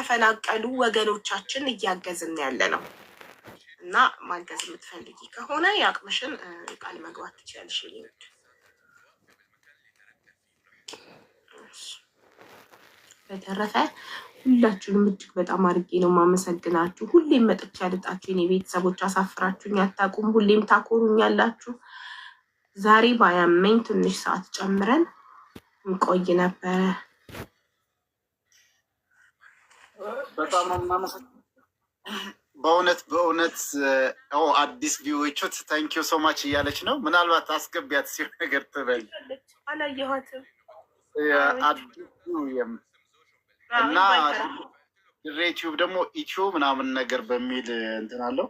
የተፈናቀሉ ወገኖቻችን እያገዝን ያለ ነው እና ማገዝ የምትፈልጊ ከሆነ የአቅምሽን ቃል መግባት ትችላለሽ። ሊወድ በተረፈ ሁላችሁንም እጅግ በጣም አድርጌ ነው ማመሰግናችሁ። ሁሌም መጥቼ ያልጣችሁ የኔ ቤተሰቦች አሳፍራችሁኝ አታውቁም። ሁሌም ታኮሩኛላችሁ። ዛሬ ባያመኝ ትንሽ ሰዓት ጨምረን እንቆይ ነበረ። በጣም በእውነት በእውነት አዲስ ቪዎቹት ታንኪዩ ሶማች እያለች ነው። ምናልባት አስገቢያት ሲሆን ነገር ትበል አላየኋትም። እና ድሬ ቲዩብ ደግሞ ኢትዮ ምናምን ነገር በሚል እንትን አለው።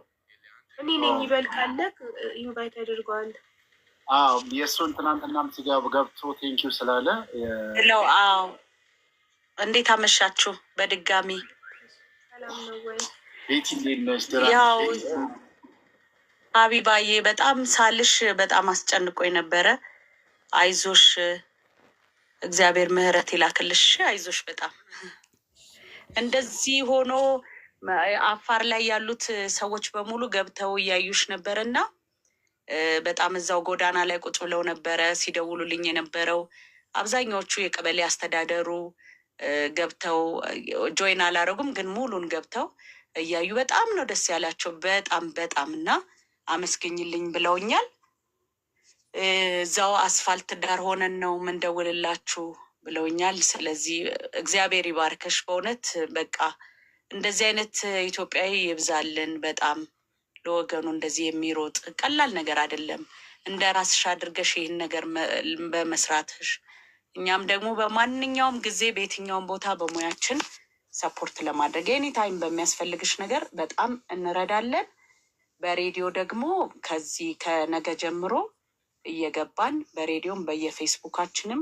እኔ ነኝ ይበልጣለ ኢንቫይት ያደርገዋል። የእሱን ትናንትናም ሲጋ ገብቶ ቴንኪዩ ስላለ ነው። አዎ እንዴት አመሻችሁ? በድጋሚ ያው ሀቢባዬ በጣም ሳልሽ በጣም አስጨንቆ የነበረ አይዞሽ፣ እግዚአብሔር ምሕረት ይላክልሽ። አይዞሽ በጣም እንደዚህ ሆኖ አፋር ላይ ያሉት ሰዎች በሙሉ ገብተው እያዩሽ ነበር እና በጣም እዛው ጎዳና ላይ ቁጭ ብለው ነበረ ሲደውሉልኝ የነበረው አብዛኛዎቹ የቀበሌ አስተዳደሩ ገብተው ጆይን አላረጉም፣ ግን ሙሉን ገብተው እያዩ በጣም ነው ደስ ያላቸው። በጣም በጣም እና አመስገኝልኝ ብለውኛል። እዛው አስፋልት ዳር ሆነን ነው ምንደውልላችሁ ብለውኛል። ስለዚህ እግዚአብሔር ይባርከሽ በእውነት በቃ እንደዚህ አይነት ኢትዮጵያዊ ይብዛልን። በጣም ለወገኑ እንደዚህ የሚሮጥ ቀላል ነገር አይደለም። እንደ ራስሽ አድርገሽ ይህን ነገር በመስራትሽ እኛም ደግሞ በማንኛውም ጊዜ በየትኛውም ቦታ በሙያችን ሰፖርት ለማድረግ ኤኒ በሚያስፈልግሽ ነገር በጣም እንረዳለን። በሬዲዮ ደግሞ ከዚህ ከነገ ጀምሮ እየገባን በሬዲዮም በየፌስቡካችንም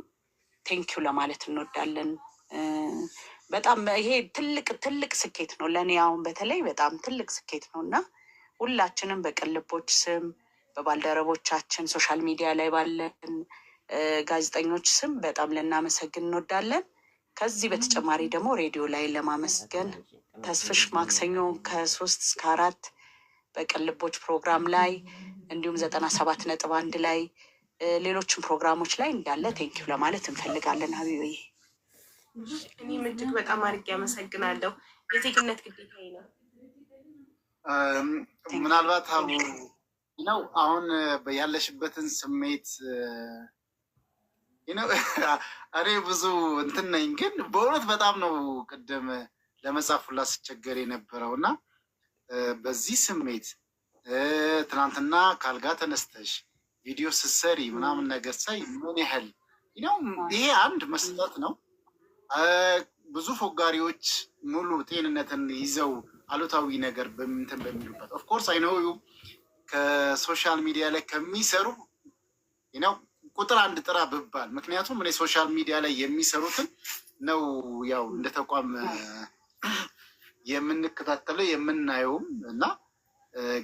ቴንኪው ለማለት እንወዳለን። በጣም ይሄ ትልቅ ትልቅ ስኬት ነው ለእኔ አሁን በተለይ በጣም ትልቅ ስኬት ነው እና ሁላችንም በቅልቦች ስም በባልደረቦቻችን ሶሻል ሚዲያ ላይ ባለን ጋዜጠኞች ስም በጣም ልናመሰግን እንወዳለን። ከዚህ በተጨማሪ ደግሞ ሬዲዮ ላይ ለማመስገን ተስፍሽ ማክሰኞ ከሶስት እስከ አራት በቅን ልቦች ፕሮግራም ላይ እንዲሁም ዘጠና ሰባት ነጥብ አንድ ላይ ሌሎችም ፕሮግራሞች ላይ እንዳለ ቴንኪው ለማለት እንፈልጋለን። ሀቢብዬ እኔም እጅግ በጣም አድርጌ አመሰግናለሁ። የዜግነት ግዴታ ነው። ምናልባት ነው አሁን ያለሽበትን ስሜት እኔ ብዙ እንትን ነኝ፣ ግን በእውነት በጣም ነው ቅድም ለመጻፍ ሁላ ስቸገር የነበረው እና በዚህ ስሜት ትናንትና ካልጋ ተነስተሽ ቪዲዮ ስትሰሪ ምናምን ነገር ሳይ ምን ያህል ነው ይሄ አንድ መስጠት ነው። ብዙ ፎጋሪዎች ሙሉ ጤንነትን ይዘው አሉታዊ ነገር በምንትን በሚሉበት ኦፍኮርስ አይነው ከሶሻል ሚዲያ ላይ ከሚሰሩ ነው ቁጥር አንድ ጥራ ብባል ምክንያቱም እኔ ሶሻል ሚዲያ ላይ የሚሰሩትን ነው ያው እንደ ተቋም የምንከታተለው የምናየውም እና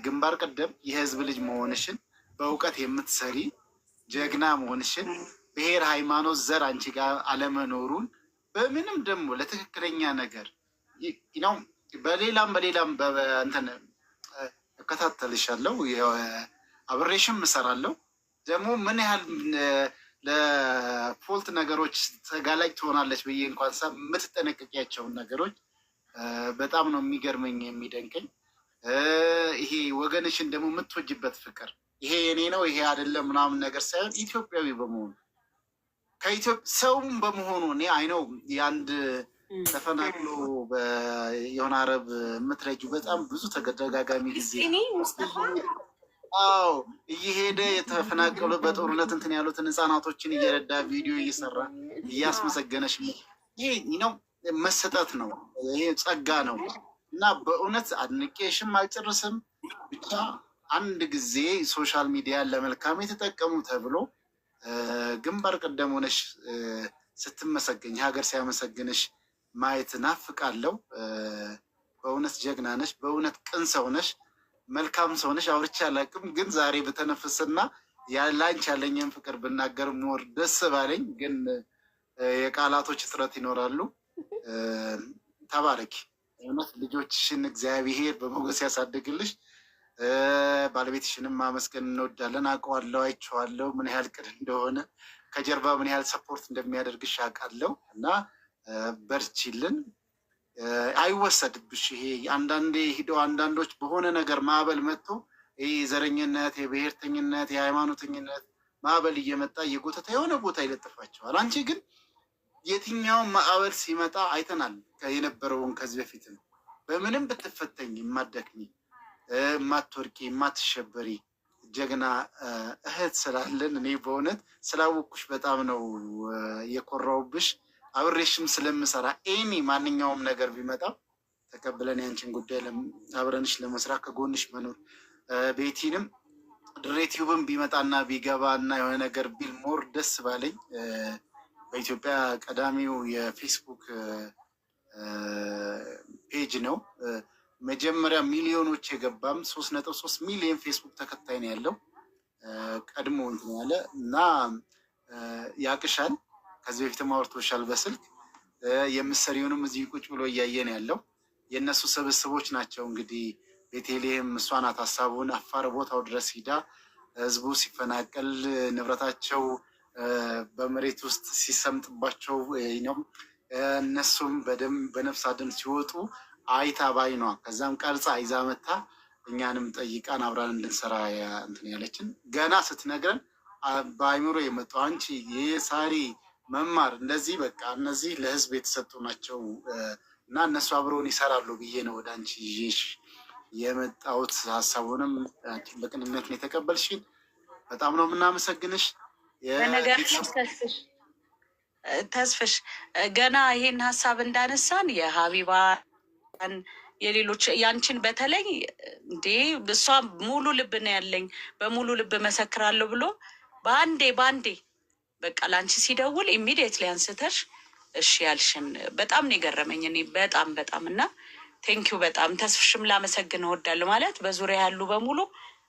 ግንባር ቀደም የህዝብ ልጅ መሆንሽን በእውቀት የምትሰሪ ጀግና መሆንሽን ብሔር፣ ሃይማኖት፣ ዘር አንቺ ጋር አለመኖሩን በምንም ደግሞ ለትክክለኛ ነገር ነው። በሌላም በሌላም እንትን እከታተልሻለሁ፣ አብሬሽም እሰራለሁ ደግሞ ምን ያህል ለፎልት ነገሮች ተጋላጭ ትሆናለች ብዬ እንኳን ሳ የምትጠነቀቂያቸውን ነገሮች በጣም ነው የሚገርመኝ የሚደንቀኝ። ይሄ ወገንሽን ደግሞ የምትወጅበት ፍቅር ይሄ የኔ ነው ይሄ አይደለም ምናምን ነገር ሳይሆን ኢትዮጵያዊ በመሆኑ ከኢትዮጵያ ሰውም በመሆኑ እኔ አይነው የአንድ ተፈናቅሎ የሆነ አረብ የምትረጁ በጣም ብዙ ተደጋጋሚ ጊዜ አዎ እየሄደ የተፈናቀሉ በጦርነት እንትን ያሉትን ህጻናቶችን እየረዳ ቪዲዮ እየሰራ እያስመሰገነች ይህ ነው መሰጠት ነው። ይሄ ጸጋ ነው እና በእውነት አድንቄሽም አልጨርስም። ብቻ አንድ ጊዜ ሶሻል ሚዲያን ለመልካም የተጠቀሙ ተብሎ ግንባር ቀደም ሆነሽ ስትመሰገኝ ሀገር ሲያመሰግንሽ ማየት ናፍቃለው። በእውነት ጀግና ነሽ። በእውነት ቅን ሰው ነሽ። መልካም ሰው ነሽ፣ አውርቼ አላውቅም። ግን ዛሬ በተነፍስና ላንቺ ያለኝን ፍቅር ብናገር ኖር ደስ ባለኝ። ግን የቃላቶች እጥረት ይኖራሉ። ተባረኪ። እውነት ልጆችሽን እግዚአብሔር በሞገስ ያሳድግልሽ። ባለቤትሽንም ማመስገን እንወዳለን። አውቀዋለሁ፣ አይቼዋለሁ ምን ያህል ቅን እንደሆነ ከጀርባ ምን ያህል ሰፖርት እንደሚያደርግሽ አውቃለሁ እና በርቺልን። አይወሰድብሽ። ይሄ አንዳንዴ ሂደው አንዳንዶች በሆነ ነገር ማዕበል መጥቶ ይህ የዘረኝነት፣ የብሔርተኝነት፣ የሃይማኖተኝነት ማዕበል እየመጣ እየጎተተ የሆነ ቦታ ይለጥፋቸዋል። አንቺ ግን የትኛውን ማዕበል ሲመጣ አይተናል። የነበረውን ከዚህ በፊት ነው። በምንም ብትፈተኝ የማደክሚ የማትወርቂ፣ የማትሸበሪ ጀግና እህት ስላለን እኔ በእውነት ስላወኩሽ በጣም ነው የኮራውብሽ። አብሬሽም ስለምሰራ ኤኒ ማንኛውም ነገር ቢመጣ ተቀብለን ያንችን ጉዳይ አብረንሽ ለመስራት ከጎንሽ መኖር ቤቲንም ድሬቲዩብን ቢመጣና ቢገባ እና የሆነ ነገር ቢል ሞር ደስ ባለኝ። በኢትዮጵያ ቀዳሚው የፌስቡክ ፔጅ ነው። መጀመሪያ ሚሊዮኖች የገባም ሶስት ነጥብ ሶስት ሚሊዮን ፌስቡክ ተከታይ ነው ያለው ቀድሞ ያለ እና ያቅሻል ከዚህ በፊትም አውርቶሻል በስልክ የምትሰሪውንም እዚህ ቁጭ ብሎ እያየን ያለው የእነሱ ስብስቦች ናቸው። እንግዲህ ቤቴሌም እሷ ናት ሀሳቡን አፋር ቦታው ድረስ ሂዳ ህዝቡ ሲፈናቀል ንብረታቸው በመሬት ውስጥ ሲሰምጥባቸው ነው እነሱም በደም በነፍስ አድን ሲወጡ አይታ ባይኗ ከዛም ቀርጻ ይዛ መታ እኛንም ጠይቃን አብራን እንድንሰራ እንትን ያለችን ገና ስትነግረን በአይምሮ የመጡ አንቺ ይሄ ሳሪ መማር እንደዚህ በቃ እነዚህ ለህዝብ የተሰጡ ናቸው እና እነሱ አብረውን ይሰራሉ ብዬ ነው ወደ አንቺ ይዤሽ የመጣሁት። ሀሳቡንም በቅንነት ነው የተቀበልሽን። በጣም ነው የምናመሰግንሽ። ተስፍሽ ገና ይሄን ሀሳብ እንዳነሳን የሀቢባን የሌሎች ያንቺን በተለይ እንዴ እሷ ሙሉ ልብ ነው ያለኝ በሙሉ ልብ መሰክራለሁ ብሎ በአንዴ በአንዴ በቃ ለአንቺ ሲደውል ኢሚዲየትሊ አንስተሽ እሺ ያልሽን በጣም ነው የገረመኝ። እኔ በጣም በጣም እና ቴንኪው በጣም ተስፍሽም ላመሰግን እወዳለሁ። ማለት በዙሪያ ያሉ በሙሉ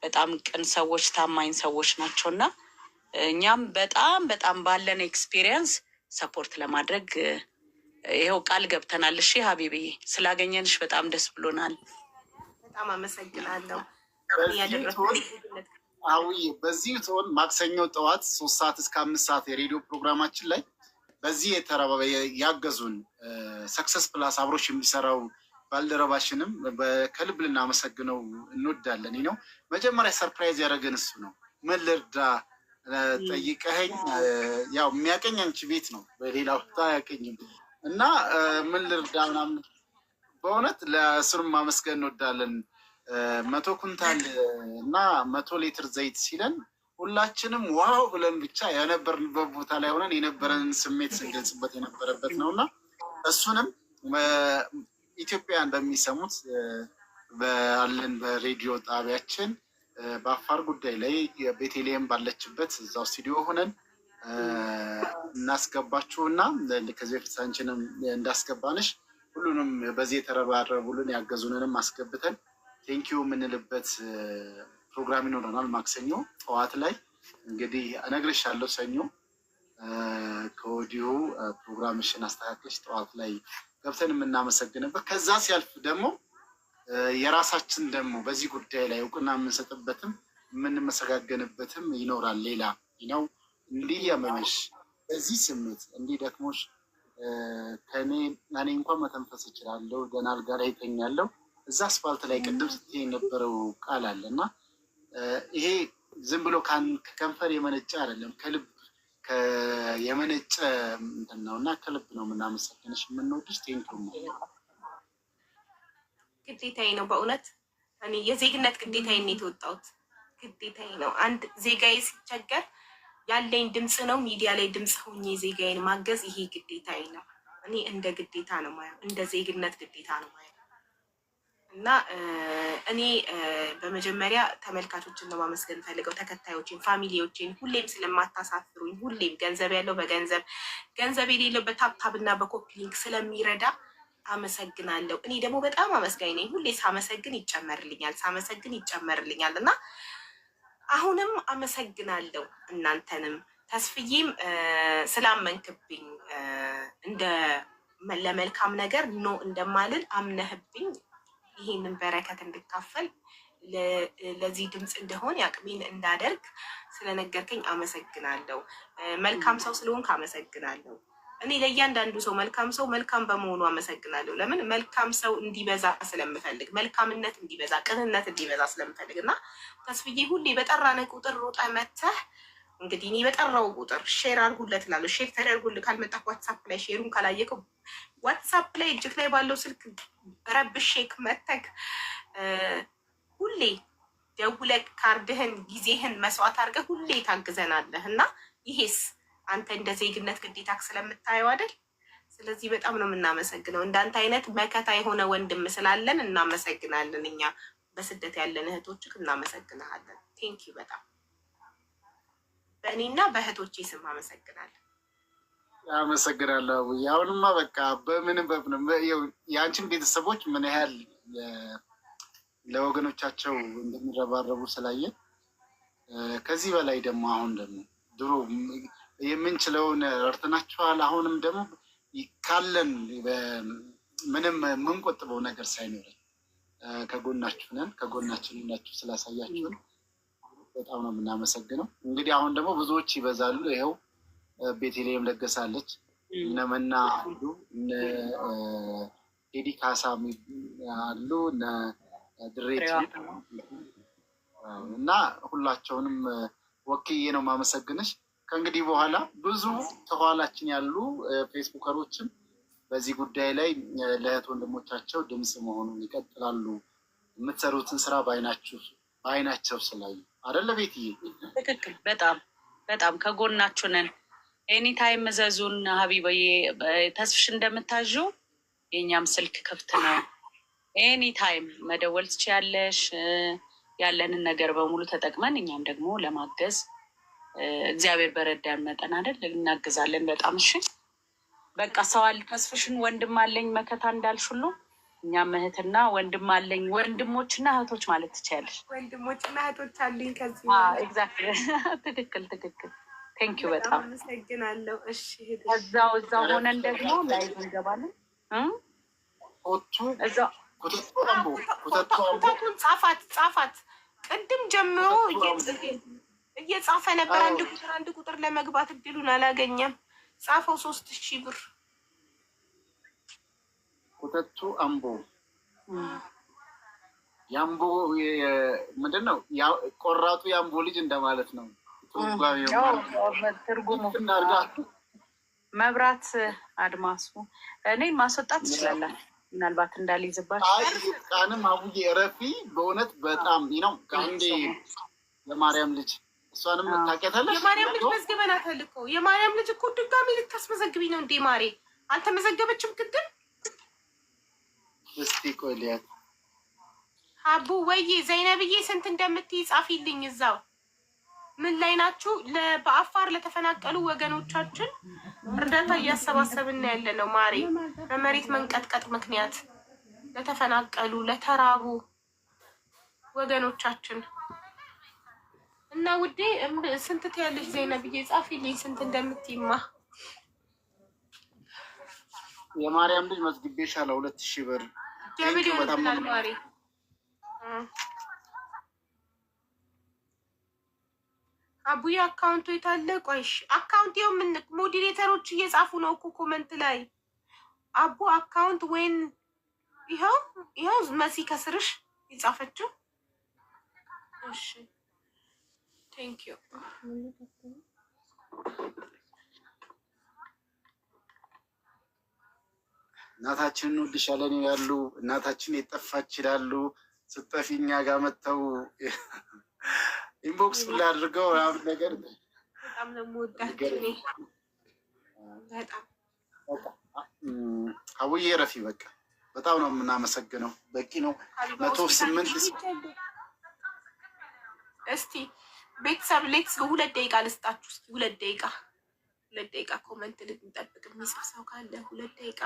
በጣም ቅን ሰዎች፣ ታማኝ ሰዎች ናቸው እና እኛም በጣም በጣም ባለን ኤክስፒሪየንስ ሰፖርት ለማድረግ ይኸው ቃል ገብተናል። እሺ ሀቢብዬ ስላገኘንሽ በጣም ደስ ብሎናል። በጣም አመሰግናለሁ። አውይ በዚህ ዞን ማክሰኞ ጠዋት ሶስት ሰዓት እስከ አምስት ሰዓት የሬዲዮ ፕሮግራማችን ላይ በዚህ የተረባ ያገዙን ሰክሰስ ፕላስ አብሮች የሚሰራው ባልደረባሽንም ከልብ ልናመሰግነው እንወዳለን። ነው መጀመሪያ ሰርፕራይዝ ያደረገን እሱ ነው። ምን ልርዳ ጠይቀኸኝ፣ ያው የሚያቀኝ አንቺ ቤት ነው፣ በሌላ ቦታ አያቀኝም እና ምን ልርዳ ምናምን በእውነት ለእሱንም ማመስገን እንወዳለን። መቶ ኩንታል እና መቶ ሊትር ዘይት ሲለን ሁላችንም ዋው ብለን ብቻ የነበርንበት ቦታ ላይ ሆነን የነበረንን ስሜት ስንገልጽበት የነበረበት ነው እና እሱንም ኢትዮጵያን በሚሰሙት ባለን በሬዲዮ ጣቢያችን በአፋር ጉዳይ ላይ ቤቴሌም ባለችበት እዛው ስቱዲዮ ሆነን እናስገባችሁና ከዚህ በፊት አንቺንም እንዳስገባንሽ ሁሉንም በዚህ የተረባረቡልን ያገዙንንም አስገብተን ቴንኪዩ የምንልበት ፕሮግራም ይኖረናል። ማክሰኞ ጠዋት ላይ እንግዲህ እነግርሻለሁ። ሰኞ ከወዲሁ ፕሮግራምሽን አስተካክለሽ ጠዋት ላይ ገብተን የምናመሰግንበት ከዛ ሲያልፍ ደግሞ የራሳችን ደግሞ በዚህ ጉዳይ ላይ እውቅና የምንሰጥበትም የምንመሰጋገንበትም ይኖራል። ሌላ ነው እንዲህ የመመሽ በዚህ ስሜት እንዲህ ደክሞሽ ከኔ እኔ እንኳን መተንፈስ እችላለሁ፣ ደህና አልጋ ላይ ይተኛለሁ እዛ አስፋልት ላይ ቅድም ስትይ የነበረው ቃል አለ እና ይሄ ዝም ብሎ ከከንፈር የመነጨ አይደለም፣ ከልብ የመነጨ ምንድን ነው እና ከልብ ነው የምናመሰግንሽ የምንወድሽ። ቴንክ ግዴታዬ ነው በእውነት እኔ የዜግነት ግዴታዬ ነው የተወጣሁት፣ ግዴታዬ ነው። አንድ ዜጋዬ ሲቸገር ያለኝ ድምፅ ነው። ሚዲያ ላይ ድምፅ ሆኜ ዜጋዬን ማገዝ ይሄ ግዴታዬ ነው። እኔ እንደ ግዴታ ነው ማየው፣ እንደ ዜግነት ግዴታ ነው ማየው። እና እኔ በመጀመሪያ ተመልካቾችን ነው ማመስገን ፈልገው ተከታዮችን፣ ፋሚሊዎችን ሁሌም ስለማታሳፍሩኝ፣ ሁሌም ገንዘብ ያለው በገንዘብ ገንዘብ የሌለው በታፕታብና በኮፒሊንግ ስለሚረዳ አመሰግናለሁ። እኔ ደግሞ በጣም አመስጋኝ ነኝ። ሁሌ ሳመሰግን ይጨመርልኛል፣ ሳመሰግን ይጨመርልኛል እና አሁንም አመሰግናለሁ እናንተንም ተስፍዬም ስላመንክብኝ እንደ ለመልካም ነገር ኖ እንደማልን አምነህብኝ ይሄንን በረከት እንድካፈል ለዚህ ድምፅ እንደሆን ያቅሜን እንዳደርግ ስለነገርከኝ አመሰግናለሁ። መልካም ሰው ስለሆንክ አመሰግናለሁ። እኔ ለእያንዳንዱ ሰው መልካም ሰው መልካም በመሆኑ አመሰግናለሁ። ለምን መልካም ሰው እንዲበዛ ስለምፈልግ፣ መልካምነት እንዲበዛ፣ ቅንነት እንዲበዛ ስለምፈልግ እና ተስፍዬ ሁሌ በጠራነ ቁጥር ሮጠ መተህ እንግዲህ እኔ በጠራው ቁጥር ሼር አድርጉለት እላለሁ። ሼር ተደርጉል ካልመጣ ዋትሳፕ ላይ ሼሩን ካላየከው ዋትሳፕ ላይ እጅግ ላይ ባለው ስልክ ረብሼክ መተክ ሁሌ ደውለህ ካርድህን ጊዜህን መስዋዕት አድርገህ ሁሌ ታግዘናለህ እና ይሄስ አንተ እንደ ዜግነት ግዴታ ስለምታየው አይደል? ስለዚህ በጣም ነው የምናመሰግነው። እንዳንተ አይነት መከታ የሆነ ወንድም ስላለን እናመሰግናለን። እኛ በስደት ያለን እህቶች እናመሰግናለን። ቴንኪው በጣም በእኔና በእህቶቼ ስም አመሰግናለን። አመሰግናለሁ አቡዬ። አሁንማ በቃ በምንም በምንም የአንቺን ቤተሰቦች ምን ያህል ለወገኖቻቸው እንደሚረባረቡ ስላየን ከዚህ በላይ ደግሞ አሁን ደግሞ ድሮ የምንችለውን ረድተናችኋል። አሁንም ደግሞ ካለን ምንም የምንቆጥበው ነገር ሳይኖረን ከጎናችሁ ነን፣ ከጎናችን ናችሁ ስላሳያችሁን በጣም ነው የምናመሰግነው። እንግዲህ አሁን ደግሞ ብዙዎች ይበዛሉ ይኸው ቤቴሌም ለገሳለች፣ እነመና አሉ፣ እነ ቴዲ ካሳ አሉ፣ እነ ድሬት እና ሁላቸውንም ወክዬ ነው የማመሰግንሽ። ከእንግዲህ በኋላ ብዙ ከኋላችን ያሉ ፌስቡከሮችም በዚህ ጉዳይ ላይ ለእህት ወንድሞቻቸው ድምፅ መሆኑን ይቀጥላሉ። የምትሰሩትን ስራ በአይናችሁ በአይናቸው ስላዩ አይደለ ቤትዬ? ትክክል። በጣም በጣም ከጎናችሁ ነን። ኤኒታይም መዘዙን ሀቢበዬ ተስፍሽ እንደምታዡ የእኛም ስልክ ክፍት ነው። ኤኒታይም መደወል ትችያለሽ። ያለንን ነገር በሙሉ ተጠቅመን እኛም ደግሞ ለማገዝ እግዚአብሔር በረዳን መጠን አይደል እናግዛለን። በጣም እሺ። በቃ ሰዋል ተስፍሽን ወንድም አለኝ መከታ እንዳልሽ ሁሉ እኛም እህትና ወንድም አለኝ፣ ወንድሞችና እህቶች ማለት ትችያለሽ። ወንድሞችና እህቶች አሉኝ ከዚህ ትክክል ትክክል ቴንኪው በጣም አመሰግናለሁ። እሺ እዛው እዛው ሆነን ደግሞ ላይቭ እንገባለን። ኮተቱን ጻፋት ጻፋት። ቅድም ጀምሮ እየጻፈ ነበር። አንድ ቁጥር አንድ ቁጥር ለመግባት እድሉን አላገኘም። ጻፈው። ሶስት ሺህ ብር ኮተቱ አምቦ የአምቦ ምንድን ነው? ቆራጡ የአምቦ ልጅ እንደማለት ነው። መብራት አድማሱ እኔ ማስወጣት ትችላላል። ምናልባት እንዳልይዝባቸው ቃንም አቡዬ ረፊ በእውነት በጣም ነው። ከአንዴ የማርያም ልጅ እሷንም ታውቂያታለሽ። የማርያም ልጅ መዝግበናታል እኮ የማርያም ልጅ እኮ ድጋሚ ልታስመዘግቢ ነው እንዴ? ማሬ አልተመዘገበችም። ቅድም እስቲ ቆልያት አቡ ወይ ዘይነብዬ ስንት እንደምትይ ጻፊልኝ እዛው ምን ላይ ናችሁ? በአፋር ለተፈናቀሉ ወገኖቻችን እርዳታ እያሰባሰብን ያለ ነው። ማሪ በመሬት መንቀጥቀጥ ምክንያት ለተፈናቀሉ ለተራቡ ወገኖቻችን እና ውዴ ስንት ትያለሽ? ዜና ብዬ ጻፊልኝ ስንት እንደምትይማ የማርያም ልጅ መዝግቤሻለሁ ሁለት ሺህ ብር ጀብል አቡዬ አካውንቱ የታለ? ቆይሽ አካውንት ይኸው ምን ሞዲሬተሮች እየጻፉ ነው እኮ ኮመንት ላይ አቡ አካውንት ወይን ይኸው ይኸው መሲ ከስርሽ የጻፈችው። እሺ ቴንክ ዩ እናታችን እንወድሻለን ይላሉ። እናታችን የጠፋች ይላሉ። ስጠፊ እኛ ጋር መጥተው ኢንቦክስ ብላ አድርገው አሁን ነገር በጣም ነው የምወዳችሁ በጣም አውዬ ረፊ በቃ በጣም ነው የምናመሰግነው። በቂ ነው መቶ ስምንት እስቲ ቤተሰብ ሌትስ ሁለት ደቂቃ ልስጣችሁ። እስኪ ሁለት ደቂቃ ሁለት ደቂቃ ኮመንት ልንጠብቅ። የሚጽፍ ሰው ካለ ሁለት ደቂቃ፣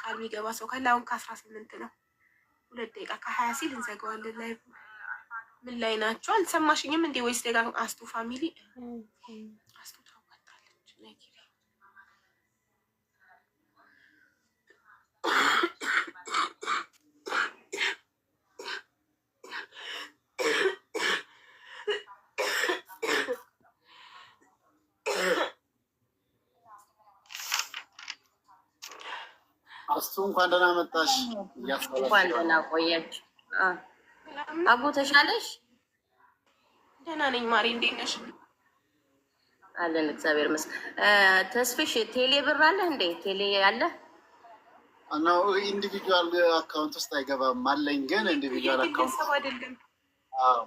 ቃል የሚገባ ሰው ካለ አሁን ከአስራ ስምንት ነው ሁለት ደቂቃ ከሀያ ሲል እንዘጋዋለን ላይ ምን ላይ ናቸው? አልሰማሽኝም እንዴ? ወይስ ሌላ አስቱ ፋሚሊ አስቱ ታዋጣለች። አስቱ እንኳን ደህና መጣሽ። እንኳን ደህና ቆያችሁ። አቦ ተሻለሽ? ደህና ነኝ ማሪ፣ እንዴት ነሽ? አለን እግዚአብሔር ይመስገን። ተስፍሽ ቴሌ ብር አለ እንዴ? ቴሌ አለ ነው? ኢንዲቪጁዋል አካውንት ውስጥ አይገባም። አለኝ ግን ኢንዲቪጁዋል አካውንት አይደለም። አዎ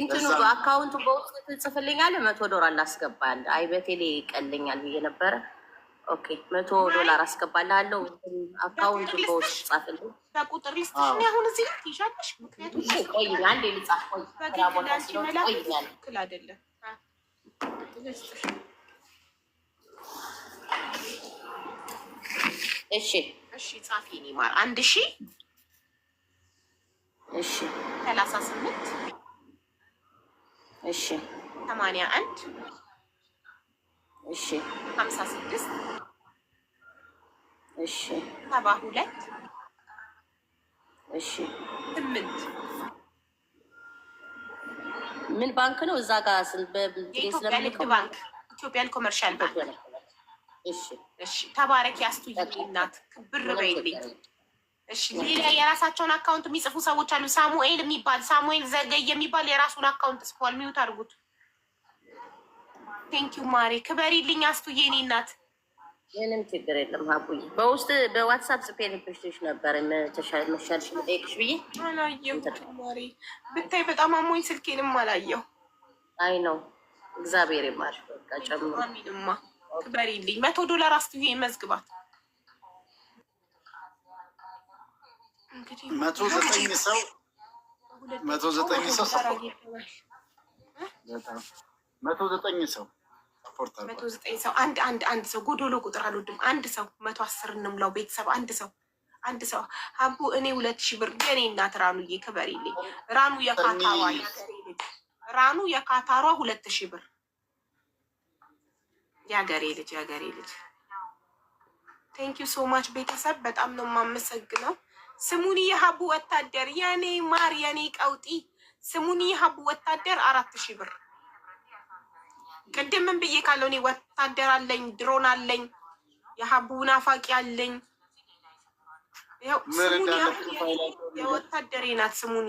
እንትኑ አካውንቱ በውስጥ ትጽፍልኛለህ። መቶ ዶላር ላስገባል። አይ በቴሌ ይቀልኛል ብዬ ነበረ። ኦኬ መቶ ዶላር አስገባልሃለሁ። አካውንቱ በውስጥ ጻፍልኝ በቁጥር ልስጥሽኝ። አሁን እዚህ ላይ ትይዣለሽ። ምክንያቱም ቆይ አንዴ ልጻፍ። ቆይ በግዳንቺ መላክ ትክክል አይደለም። እሺ እሺ፣ ጻፊ የእኔ ማር አንድ ሺ እሺ፣ ሰላሳ ስምንት እሺ፣ ሰማንያ አንድ እሺ፣ ሀምሳ ስድስት እሺ፣ ሰባ ሁለት እሺ ስምንት ምን ባንክ ነው? እዛ ጋር የኢትዮጵያ ንግድ ባንክ ኢትዮጵያን ኮመርሻል ባንክ። እሺ እሺ። ተባረክ ያስቱኝ እናት ክብር በይልኝ። እሺ ሌላ የራሳቸውን አካውንት የሚጽፉ ሰዎች አሉ። ሳሙኤል የሚባል ሳሙኤል ዘገይ የሚባል የራሱን አካውንት ጽፏል። ሚዩት አድርጉት። ቴንኪዩ ማሬ፣ ክበሪልኝ አስቱዬ እኔ እናት ምንም ችግር የለም። ሀቡዬ በውስጥ በዋትሳፕ ጽፌ ልብሽሽ ነበር መሻልሽ መጠየቅሽ ብዬ አላየሁም። ብታይ በጣም አሞኝ ስልኬንም አላየው። አይ ነው እግዚአብሔር ይማር። በቃ ጨምሮ ክበሪልኝ። መቶ ዶላር አስጊዜ መዝግባት መቶ ዘጠኝ ሰው መቶ ዘጠኝ ሰው መቶ ዘጠኝ ሰው መቶ ዘጠኝ ሰው አንድ አንድ አንድ ሰው ጎዶሎ ቁጥር አልወድም። አንድ ሰው መቶ አስር እንምለው ቤተሰብ አንድ ሰው አንድ ሰው ሀቡ እኔ ሁለት ሺህ ብር የኔ እናት ራኑዬ ክበሪልኝ። ራኑ የካታሯ ራኑ የካታሯ ሁለት ሺህ ብር የሀገሬ ልጅ የሀገሬ ልጅ ቴንክ ዩ ሶ ማች ቤተሰብ በጣም ነው የማመሰግነው። ስሙኒ የሀቡ ወታደር የኔ ማር የኔ ቀውጢ ስሙኒ የሀቡ ወታደር አራት ሺህ ብር ቅድምም ብዬ ካለው እኔ ወታደር አለኝ፣ ድሮን አለኝ፣ የሀቡ ናፋቂ አለኝ። የወታደሬ ናት ስሙኒ።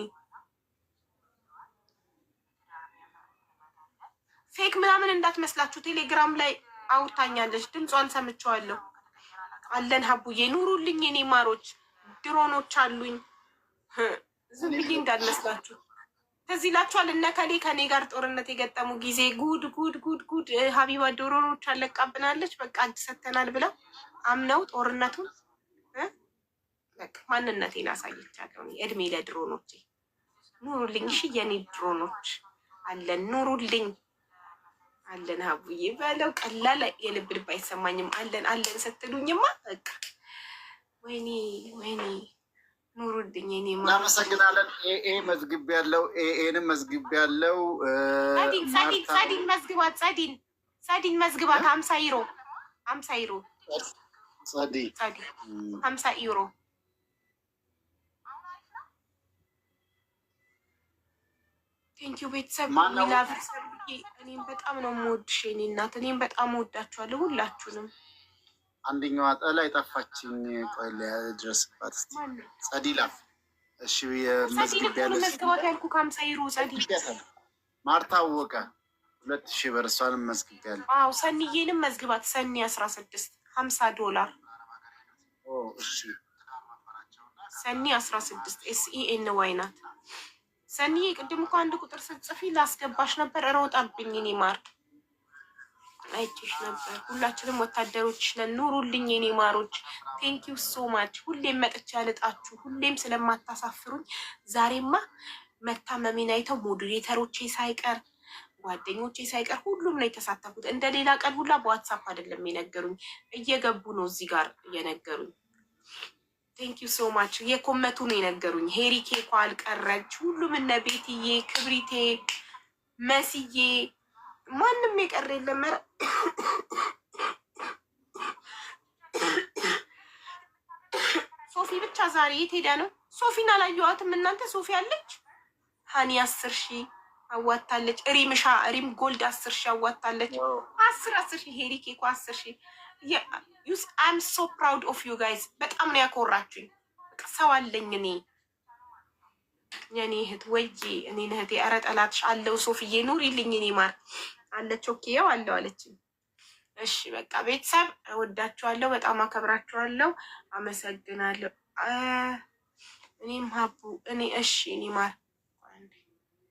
ፌክ ምናምን እንዳትመስላችሁ። ቴሌግራም ላይ አውርታኛለች፣ ድምጿን ሰምቼዋለሁ። አለን ሀቡዬ፣ ኑሩልኝ የኔ ማሮች፣ ድሮኖች አሉኝ። ዝም ብዬ እንዳልመስላችሁ እዚህ ላችኋል እነ ከሌ ከኔ ጋር ጦርነት የገጠሙ ጊዜ ጉድ ጉድ ጉድ ጉድ ሀቢባ ዶሮኖች አለቃብናለች በቃ እጅ ሰተናል ብለው አምነው ጦርነቱን ማንነቴን አሳየቻለሁ። እድሜ ለድሮኖች ኑሩልኝ፣ እሺ የኔ ድሮኖች አለን ኑሩልኝ፣ አለን ሀቡዬ በለው ቀላል የልብ ልብ አይሰማኝም። አለን አለን ስትሉኝማ በቃ ወይኔ ወይኔ ኑሩልኝ። እኔ እናመሰግናለን። ኤ መዝግብ ያለው ኤኤንም መዝግብ ያለው ጸዲን መዝግባት ጸዲን ጸዲን መዝግባት ሀምሳ ዩሮ ሀምሳ ዩሮ ጸዲ ሀምሳ ዩሮ ቴንኪዩ ቤተሰብ ሚላቪ እኔም በጣም ነው የምወድሽ የኔ እናት። እኔም በጣም ወዳችኋለሁ ሁላችሁንም። አንደኛዋ ጠላ የጠፋችኝ ቆይ ድረስባት ስ ጸዲላ እሺ፣ መዝግባት ያልኩ ከሀምሳ ዩሮ ማርታ አወቀ ሁለት ሺ ብር እሷንም መዝግብ ያለ ሰኒዬንም መዝግባት ሰኒ አስራ ስድስት ሀምሳ ዶላር ሰኒ አስራ ስድስት ኤስኢኤን ዋይ ናት። ሰኒዬ ቅድም እኮ አንድ ቁጥር ስትጽፊ ላስገባሽ ነበር እሮጣብኝ ኔ ማር አይጭሽ ነበር። ሁላችንም ወታደሮች ነን። ኑሩልኝ የኔ ማሮች። ዩ ሶ ማች። ሁሌም መጥቼ ያልጣችሁ፣ ሁሌም ስለማታሳፍሩኝ። ዛሬማ መታመሜን አይተው ሞዲሬተሮቼ ሳይቀር ጓደኞቼ ሳይቀር ሁሉም ነው የተሳተፉት። እንደ ሌላ ቀን ሁላ በዋትሳፕ አይደለም የነገሩኝ፣ እየገቡ ነው እዚህ ጋር የነገሩኝ። ቴንኪዩ ሶ ማች። የኮመቱ ነው የነገሩኝ። ሄሪኬ እኮ አልቀረች። ሁሉም እነ ቤትዬ፣ ክብሪቴ፣ መስዬ ማንም የቀረ የለም። ኧረ ሶፊ ብቻ ዛሬ የት ሄዳ ነው? ሶፊን አላየኋትም። እናንተ ሶፊ አለች። ሀኒ አስር ሺ አዋታለች። ሪም ሻ ሪም ጎልድ አስር ሺ አዋታለች። አስር አስር ሺ ሄሪ ኬኮ አስር ሺ ዩስ አም ሶ ፕራውድ ኦፍ ዩ ጋይስ። በጣም ነው ያኮራችሁኝ። ሰው አለኝ እኔ የኔ እህት ወይ እኔ እህቴ። ኧረ ጠላትሽ አለው ሶፍዬ ኑሪልኝ እኔ ማር አለች። ኦኬው አለው አለችኝ። እሺ በቃ ቤተሰብ እወዳችኋለሁ፣ በጣም አከብራችኋለሁ፣ አመሰግናለሁ። እኔም ሀቡ እኔ እሺ እኔ ማር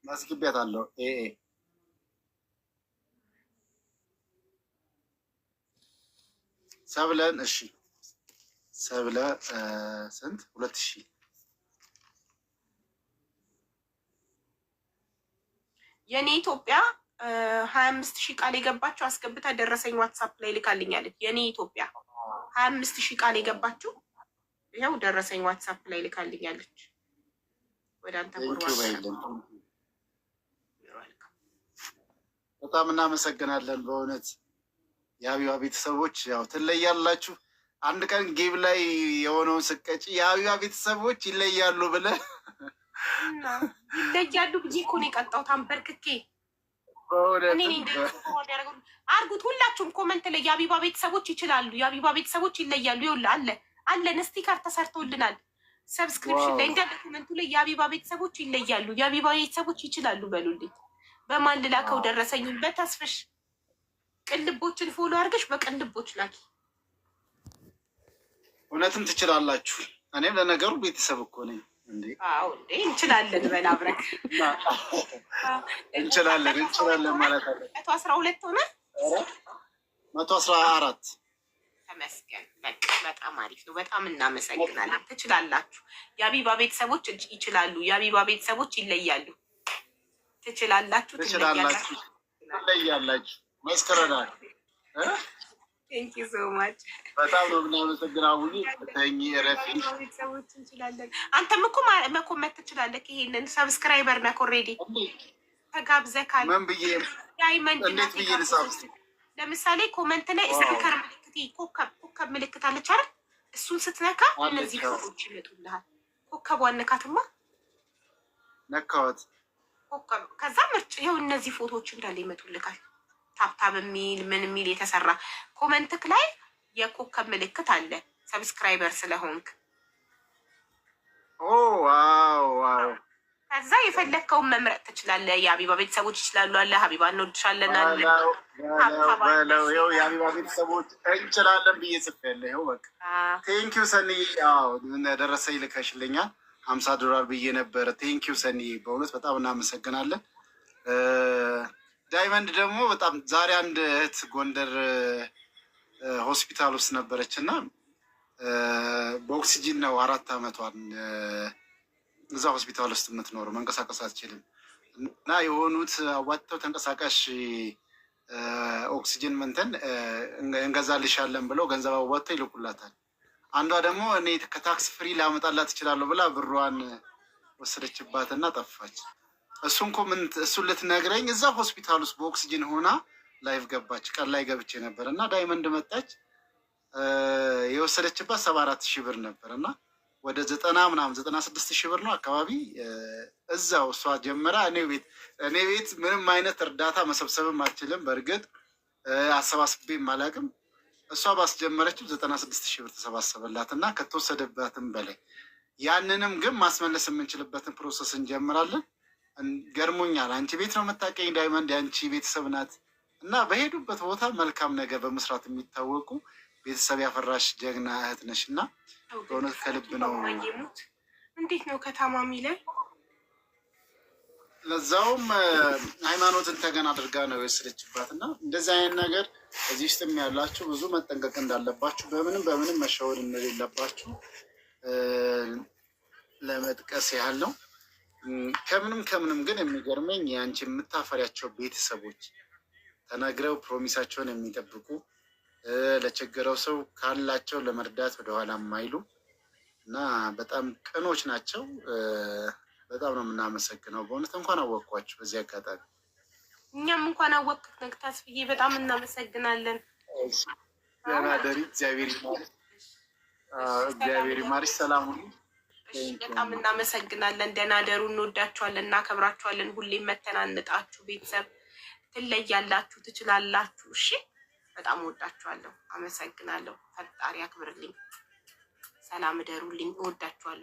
ማስገቢያት አለው ሰብለን እሺ ሰብለ ስንት ሁለት ሺ የእኔ ኢትዮጵያ ሀያ አምስት ሺህ ቃል የገባችሁ አስገብታ ደረሰኝ ዋትሳፕ ላይ ልካልኛለች። የኔ ኢትዮጵያ ሀያ አምስት ሺህ ቃል የገባችሁ ይኸው ደረሰኝ ዋትሳፕ ላይ ልካልኛለች። ወደ አንተ በጣም እናመሰግናለን። በእውነት የአቢባ ቤተሰቦች ያው ትለያላችሁ። አንድ ቀን ጌብ ላይ የሆነውን ስቀጭ የአቢባ ቤተሰቦች ይለያሉ ብለህ ይለያሉ ብዬ እኮ ነው የቀጣሁት አንበርክኬ አርጉት ሁላችሁም ኮመንት ላይ የአቢባ ቤተሰቦች ይችላሉ፣ የአቢባ ቤተሰቦች ይለያሉ። ይውል አለ አለን ስቲከር ተሰርቶልናል። ሰብስክሪፕሽን ላይ እንዳለ ኮመንቱ ላይ የአቢባ ቤተሰቦች ይለያሉ፣ የአቢባ ቤተሰቦች ይችላሉ በሉልኝ። በማን ልላከው ደረሰኝ? በተስፍሽ ቅልቦችን ፎሎ አድርገሽ በቅልቦች ላኪ። እውነትም ትችላላችሁ። እኔም ለነገሩ ቤተሰብ እኮ ነኝ። እንችላለን በል አብረን እንችላለን እንችላለን ማለት አለ። መቶ አስራ ሁለት ሆነ መቶ አስራ አራት ተመስገን። በቃ በጣም አሪፍ ነው። በጣም እናመሰግናለን። ትችላላችሁ። የአቢባ ቤተሰቦች ይችላሉ። የአቢባ ቤተሰቦች ይለያሉ። ትችላላችሁ፣ ትለያላችሁ፣ ትለያላችሁ። መስክረናል። በጣም ነው የምናመሰግናው። ተኝ ረፊ ሰዎች እንችላለን። አንተም እኮ መኮመት ትችላለህ። ይሄንን ሰብስክራይበር ነህ ኦልሬዲ ተጋብዘካል። ምን ብዬ ዳይመንድ እንዴት ብዬ ልጻፍ? ለምሳሌ ኮመንት ላይ ስፒከር ምልክት ኮከብ ኮከብ ምልክት አለች አይደል? እሱን ስትነካ እነዚህ ሰዎች ይመጡልሃል። ኮከብ ዋነካትማ ኮከብ። ከዛ ምርጭ ይኸው እነዚህ ፎቶዎች እንዳለ ይመጡልካል። ታብታብ የሚል ምን የሚል የተሰራ ኮመንትክ ላይ የኮከብ ምልክት አለ። ሰብስክራይበር ስለሆንክ ከዛ የፈለግከውን መምረጥ ትችላለ። የሀቢባ ቤተሰቦች ይችላሉ አለ ሀቢባ እንወድሻለን አለ የሀቢባ ቤተሰቦች እንችላለን ብዬ ጽፌያለሁ። ይኸው በቃ ቴንኪው ሰኒ ደረሰ ይልከሽልኛል ሀምሳ ዶላር ብዬ ነበረ። ቴንኪው ሰኒ በእውነት በጣም እናመሰግናለን። ዳይመንድ ደግሞ በጣም ዛሬ አንድ እህት ጎንደር ሆስፒታል ውስጥ ነበረች እና በኦክሲጂን ነው አራት አመቷን እዛ ሆስፒታል ውስጥ የምትኖረው መንቀሳቀስ አትችልም። እና የሆኑት አዋጥተው ተንቀሳቃሽ ኦክሲጂን ምንትን እንገዛልሻለን ብለው ገንዘብ አዋጥተው ይልኩላታል። አንዷ ደግሞ እኔ ከታክስ ፍሪ ላመጣላት እችላለሁ ብላ ብሯን ወሰደችባት እና ጠፋች። እሱን እኮ እሱን ልትነግረኝ እዛ ሆስፒታል ውስጥ በኦክስጂን ሆና ላይቭ ገባች። ቀን ላይ ገብቼ ነበር እና ዳይመንድ መጣች። የወሰደችባት ሰባ አራት ሺህ ብር ነበር እና ወደ ዘጠና ምናምን ዘጠና ስድስት ሺህ ብር ነው አካባቢ እዛው እሷ ጀምራ እኔ ቤት እኔ ቤት ምንም አይነት እርዳታ መሰብሰብም አልችልም። በእርግጥ አሰባስቤም አላቅም። እሷ ባስጀመረችው ዘጠና ስድስት ሺህ ብር ተሰባሰበላት እና ከተወሰደባትም በላይ ያንንም ግን ማስመለስ የምንችልበትን ፕሮሰስ እንጀምራለን። ገርሞኛል። አንቺ ቤት ነው የምታቀኝ ዳይመንድ የአንቺ ቤተሰብ ናት እና በሄዱበት ቦታ መልካም ነገር በመስራት የሚታወቁ ቤተሰብ ያፈራሽ ጀግና እህት ነሽ እና በእውነት ከልብ ነው። እንዴት ነው ከታማሚ ላይ ለዛውም ሃይማኖትን ተገን አድርጋ ነው የወሰደችባት እና እንደዚህ አይነት ነገር እዚህ ውስጥም ያላችሁ ብዙ መጠንቀቅ እንዳለባችሁ በምንም በምንም መሸወድ እንደሌለባችሁ ለመጥቀስ ያህል ነው። ከምንም ከምንም ግን የሚገርመኝ የአንቺ የምታፈሪያቸው ቤተሰቦች ተናግረው ፕሮሚሳቸውን የሚጠብቁ ለቸገረው ሰው ካላቸው ለመርዳት ወደኋላ የማይሉ እና በጣም ቅኖች ናቸው። በጣም ነው የምናመሰግነው። በእውነት እንኳን አወቅኳችሁ በዚህ አጋጣሚ እኛም እንኳን አወቅ ነግታስ ብዬ በጣም እናመሰግናለን። ደህና ደሪ እግዚአብሔር ይማርሽ፣ እግዚአብሔር ይማርሽ። ሰላሙ በጣም እናመሰግናለን። ደህና ደሩ። እንወዳችኋለን፣ እናከብራችኋለን። ሁሌም መተናንጣችሁ ቤተሰብ ትለያላችሁ፣ ትችላላችሁ። እሺ፣ በጣም እወዳችኋለሁ። አመሰግናለሁ። ፈጣሪ አክብርልኝ። ሰላም እደሩልኝ። እወዳችኋለሁ።